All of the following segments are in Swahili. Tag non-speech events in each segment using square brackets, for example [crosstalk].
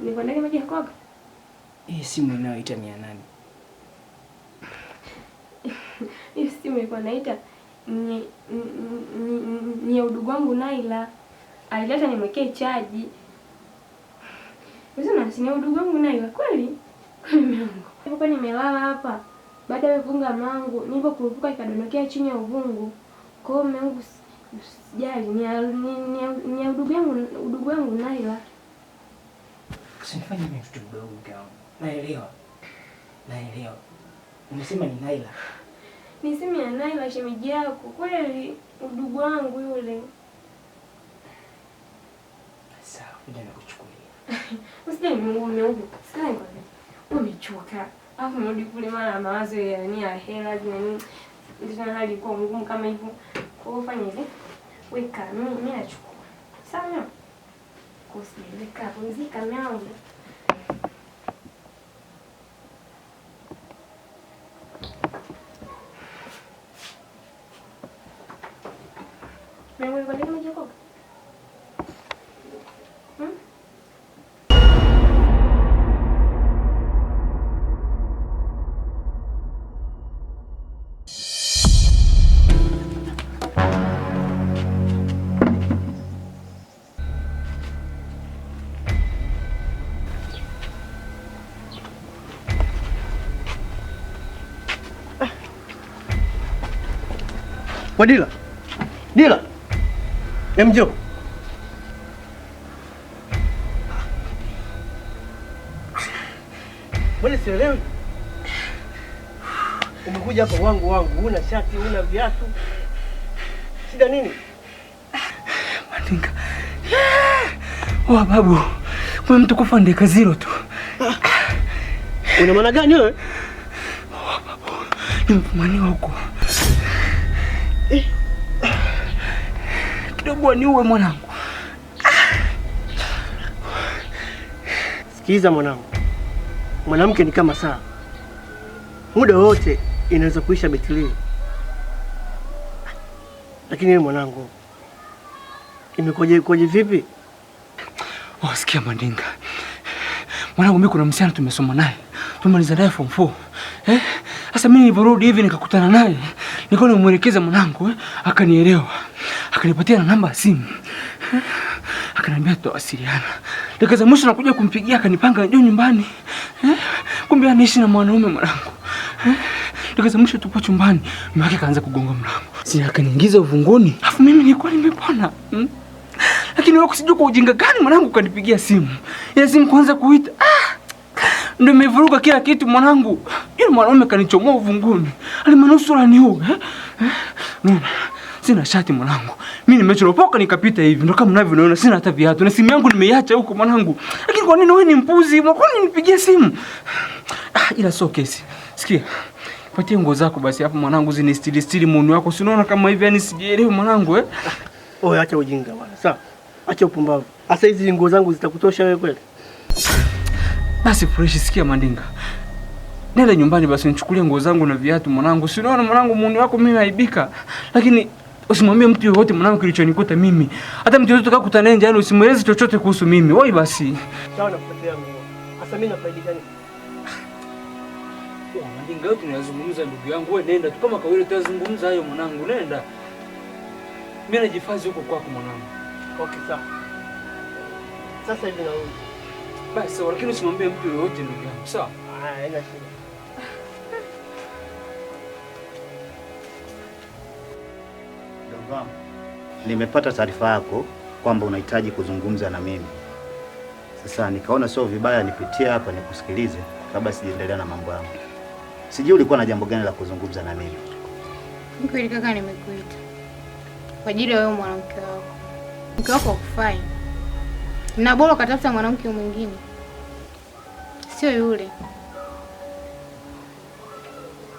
Ni maji ya koga? Hii simu inayoita mia nane. [laughs] Hii simu ilikuwa naita ni ni udugu wangu Naila. Alileta nimwekee chaji. Wewe ni udugu wangu Naila kweli? Nilipokuwa nimelala hapa baada ya kuvunga mangu, nilipokurupuka ikadondokea chini ya uvungu. Kwa hiyo mwanangu, usijali ni ni udugu wangu udugu wangu Naila. Usinifanye mimi mtoto mdogo kwangu. Naelewa. Naelewa. Umesema ni Naila. Ni simu ya Naila shemeji yako. Kweli udugu wangu yule. Sawa, ndio nakuchukulia. Usije nimuone huko. Sikai kwa Umechoka. Alafu narudi kule mara mawazo ya ni ya hela na nini. Ndio hali kwa ngumu kama hivyo. Kwa hiyo fanya hivi. Weka mimi mimi nachukua. Sawa. вкусные, лекарные, с камнями. Kwa Dila. Dila. Em Mbona sielewi? Umekuja hapa wangu wangu, una shati, una viatu. Shida nini? Mandinga. Wa babu. Mwe mtu kufa ndeka zero tu. Una maana gani wewe? Wa babu. Nimfumania huko. ni niuwe mwanangu. sikiliza Sikiza mwanangu, mwanamke ni kama saa, muda wote inaweza kuisha betri. lakini wewe mwanangu, imekoje koje vipi? Wasikia oh, Mandinga mwanangu, mimi kuna msichana tumesoma naye tumaliza naye form 4 eh? Sasa mimi niliporudi hivi nikakutana naye, nilikuwa nimwelekeza mwanangu eh? Akanielewa akanipatia na namba ya simu akaniambia tutawasiliana. Dakika za mwisho nakuja kumpigia akanipanga njoo nyumbani eh? Kumbe anaishi na mwanaume mwanangu eh? Dakika za mwisho tupo chumbani, mume wake kaanza kugonga mlango, si akaniingiza uvunguni, afu mimi nilikuwa nimepona hmm? Lakini wewe kusijua kwa ujinga gani mwanangu ukanipigia simu ya simu kwanza kuita ah! Ndio imevuruga kila kitu mwanangu. Yule mwanaume kanichomoa uvunguni, Alimanusura ni huu eh? eh? Sina shati mwanangu. Mimi nimechoropoka nikapita hivi. Ndio kama mnavyoona sina hata viatu. Na simu yangu nimeiacha huko mwanangu. Lakini kwa nini wewe ni mpuzi? Kwa nini nipigie simu? Ah, ila sio kesi. Sikia. Patie nguo zako basi hapo mwanangu zini stili stili muuni wako. Si unaona kama hivi yani sijielewi mwanangu eh? Oya oh, acha ujinga bwana. Sawa. Acha upumbavu. Asa hizi nguo zangu zitakutosha wewe kweli? Basi fresh, sikia Mandinga. Nenda nyumbani basi nichukulie nguo zangu na viatu mwanangu. Si unaona mwanangu muuni wako mimi naibika, Lakini Usimwambie mtu yoyote mwanangu kilichonikuta mimi. Hata mtu yoyote kakutana naye njiani usimweleze chochote kuhusu mimi. Woi basi. Sawa mimi. mimi nafaidi gani? tunazungumza ndugu yangu, wewe nenda tu kama hayo mwanangu, nenda. Mimi najifadhi huko kwako mwanangu. Okay sawa. Sasa hivi na wewe. Basi, lakini usimwambie mtu yoyote ndugu yangu. Sawa? Ah, haina shida. nimepata taarifa yako kwamba unahitaji kuzungumza na mimi. Sasa nikaona sio vibaya nipitie hapa nikusikilize kabla sijaendelea na mambo yangu. Sijui ulikuwa na jambo gani la kuzungumza na mimi. Kweli kaka, nimekuita kwa ajili ya wewe mwanamke wako. Mke wako akufai, na bora ukatafuta mwanamke mwingine, sio yule.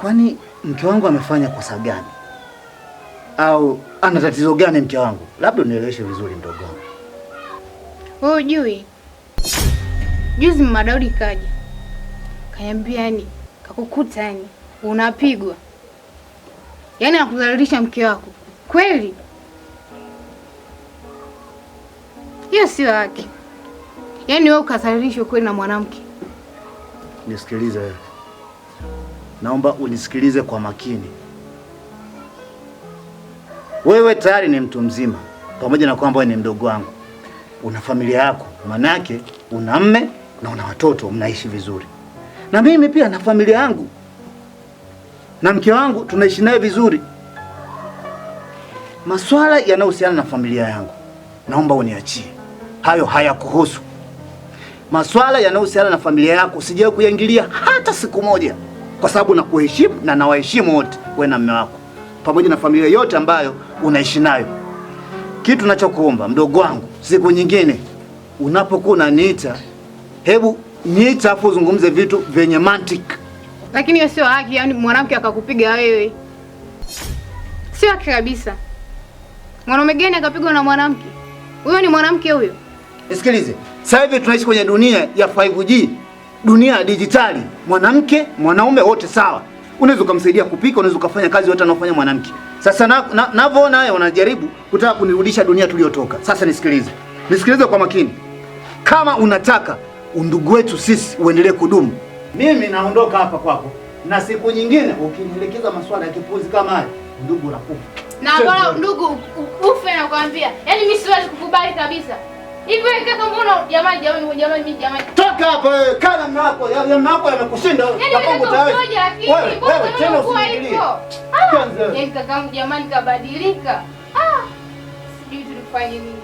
Kwani mke wangu amefanya kosa gani? au ana tatizo gani mke wangu? Labda unieleweshe vizuri mdogo wangu. Wewe hujui? Juzi mama Daudi kaja kaniambia, yani kakukuta, yani unapigwa, yani akudhalilisha mke wako. Kweli hiyo sio haki, yani wewe ukadhalilishwa kweli na mwanamke. Nisikilize, naomba unisikilize kwa makini. Wewe tayari ni mtu mzima, pamoja na kwamba wewe ni mdogo wangu, una familia yako, manake una mme na una watoto, mnaishi vizuri. Na mimi pia na familia yangu na mke wangu, tunaishi naye vizuri. Maswala yanayohusiana na familia yangu naomba uniachie, hayo hayakuhusu. Maswala yanayohusiana na familia yako sijawahi kuyaingilia hata siku moja, kwa sababu nakuheshimu na nawaheshimu wote, wewe na mme wako pamoja na familia yote ambayo unaishi nayo. Kitu tunachokuomba mdogo wangu, siku nyingine unapokuwa unaniita, hebu niita afu uzungumze vitu vyenye mantiki. Lakini hiyo sio haki, yani mwanamke akakupiga wewe, sio haki kabisa. Mwanaume gani akapigwa na mwanamke? Huyo ni mwanamke huyo. Nisikilize, sasa hivi tunaishi kwenye dunia ya 5G, dunia ya dijitali. Mwanamke mwanaume wote sawa unaweza ukamsaidia kupika, unaweza ukafanya kazi yote anafanya mwanamke. Sasa navyoona haya, wanajaribu kutaka kunirudisha dunia tuliyotoka. Sasa nisikilize, nisikilize kwa makini. Kama unataka undugu wetu sisi uendelee kudumu, mimi naondoka hapa kwako, na siku nyingine ukinielekeza masuala ya kipuzi kama haya, ndugu unakufa na bora ndugu ufe, nakwambia. Yaani mimi siwezi kukubali kabisa. Hivyo kaka, mbona jamani, jamani, jamani, mimi jamani. Toka hapa wewe, kana mna hapo, ya mna hapo yamekushinda ya yaani Mungu tayari. Wewe, wewe tena usingilie. Ah, Yaani kaka, jamani kabadilika. Ah. Sijui tulifanye nini.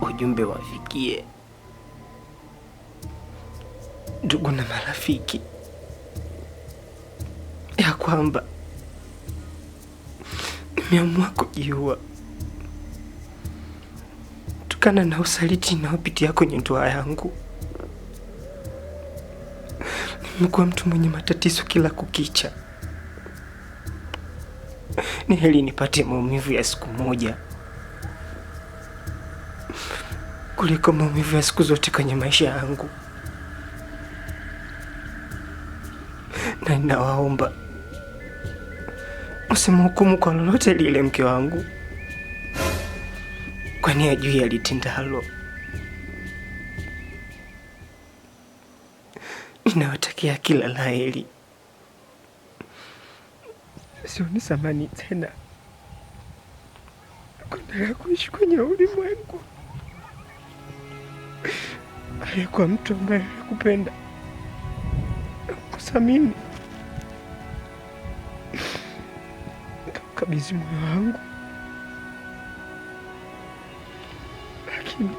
ujumbe wafikie ndugu na marafiki ya kwamba nimeamua kujiua kutokana na usaliti naopitia kwenye ndoa yangu. Nimekuwa mtu mwenye matatizo kila kukicha. Ni heli nipate maumivu ya siku moja. kuliko maumivu ya siku zote kwenye maisha yangu, na ninawaomba usimhukumu kwa lolote lile mke wangu, kwani ajui alitendalo. Ninawatakia kila la heri. Sioni samani tena kuendelea kuishi kwenye ulimwengu alikuwa mtu ambaye alikupenda kusamini kabizi moyo wangu, lakini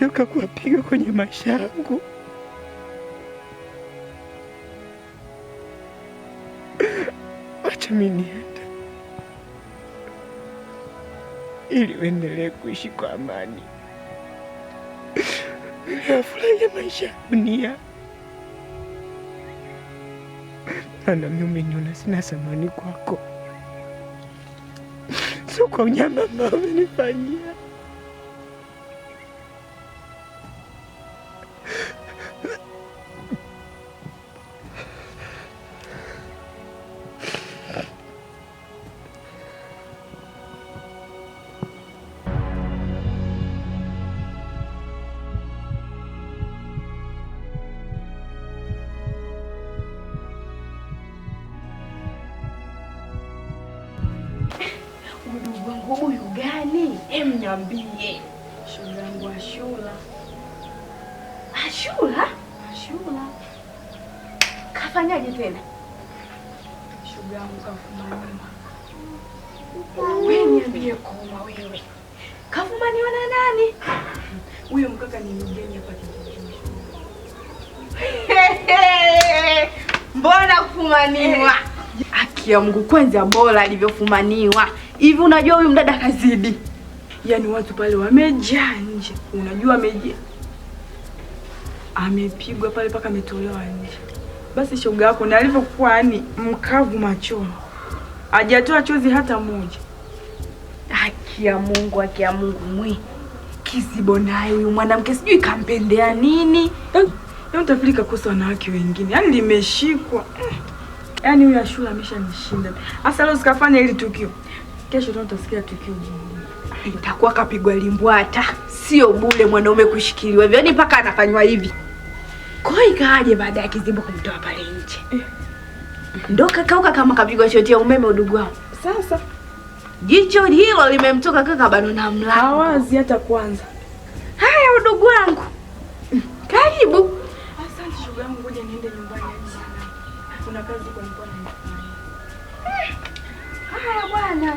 nyoka kuwapiga kwenye maisha yangu minienda ili uendelee kuishi kwa amani ya maisha ya dunia, ana mimi niona sina samani kwako, sio kwa unyama ambao umenifanyia. mdogo wangu huyu gani? Em, niambie. Shoga yangu Ashura. Ashura? Ashura. Kafanyaje tena? yangu Wewe niambie koma wewe. nani? Huyo mkaka ni mgeni hapa [laughs] Mbona kufumaniwa? Haki ya Mungu, kwanza bora alivyofumaniwa hivi unajua huyu mdada kazidi, yaani watu pale wamejaa nje, unajua ameja amepigwa pale mpaka ametolewa nje. Basi shoga yako na alivyokuwa yani mkavu machoni, hajatoa chozi hata moja. Haki ya Mungu, haki ya Mungu mwi kizibo naye huyu mwanamke sijui kampendea nini. Mtafili eh, yaani kosa wanawake wengine, yaani limeshikwa. Mm. Yaani huyu Ashura ameshanishinda. Sasa leo sikafanya hili tukio kesho ndio utasikia tukio jingine. Itakuwa kapigwa limbwata, sio bule mwanaume kushikiliwa hivyo, yaani mpaka anafanywa hivi. Kwa hiyo ikaaje baada ya kizibo kumtoa pale nje eh? Ndo kakauka kama kapigwa shoti ya umeme udugu wao. Sasa jicho hilo limemtoka kaka na mlango hawazi hata kwanza. Haya udugu wangu, karibu. Asante shoga yangu, ngoja niende nyumbani hadi sana, kuna kazi kwa mkono. Haya bwana.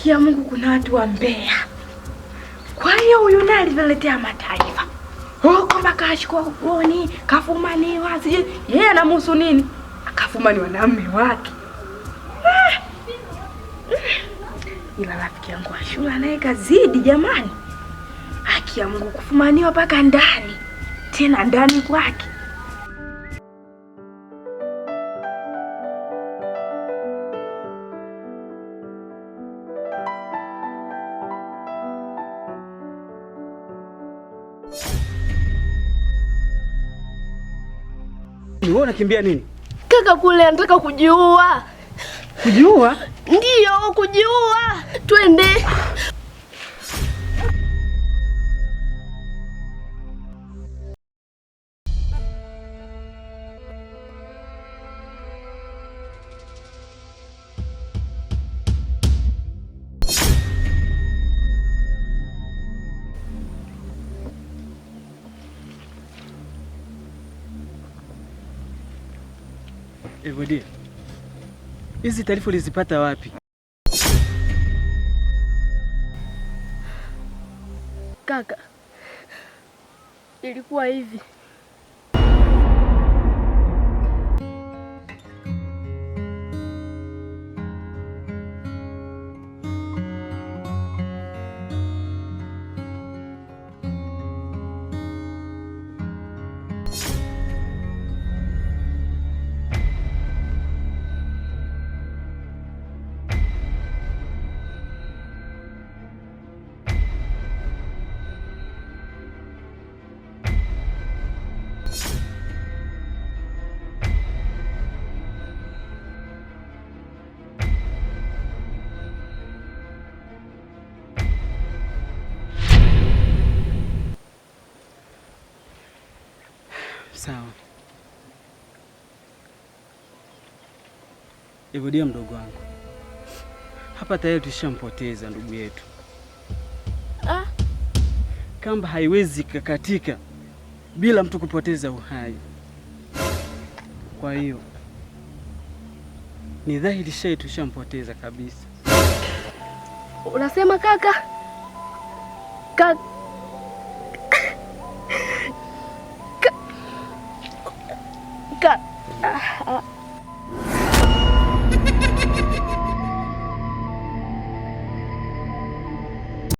Sikia Mungu, kuna watu wa Mbeya. Kwa hiyo huyu naye alivyoletea mataifa kwamba kashikwa ugoni, kafumaniwa, sijui yeye anamhusu nini, akafumaniwa na mume wake ah! Ila rafiki yangu Ashura naye kazidi jamani, haki ya Mungu, kufumaniwa mpaka ndani, tena ndani kwake. Wewe unakimbia nini? Kaka kule anataka kujiua. Kujiua? ndio kujiua. Twende. evodi hizi taarifa ulizipata wapi? Kaka, ilikuwa hivi Evodia mdogo wangu, hapa tayari tushampoteza ndugu yetu ah. Kamba haiwezi kakatika bila mtu kupoteza uhai. Kwa hiyo ni dhahiri shai tushampoteza kabisa. Unasema kaka Ka... Ka... Ka... Ah, ah.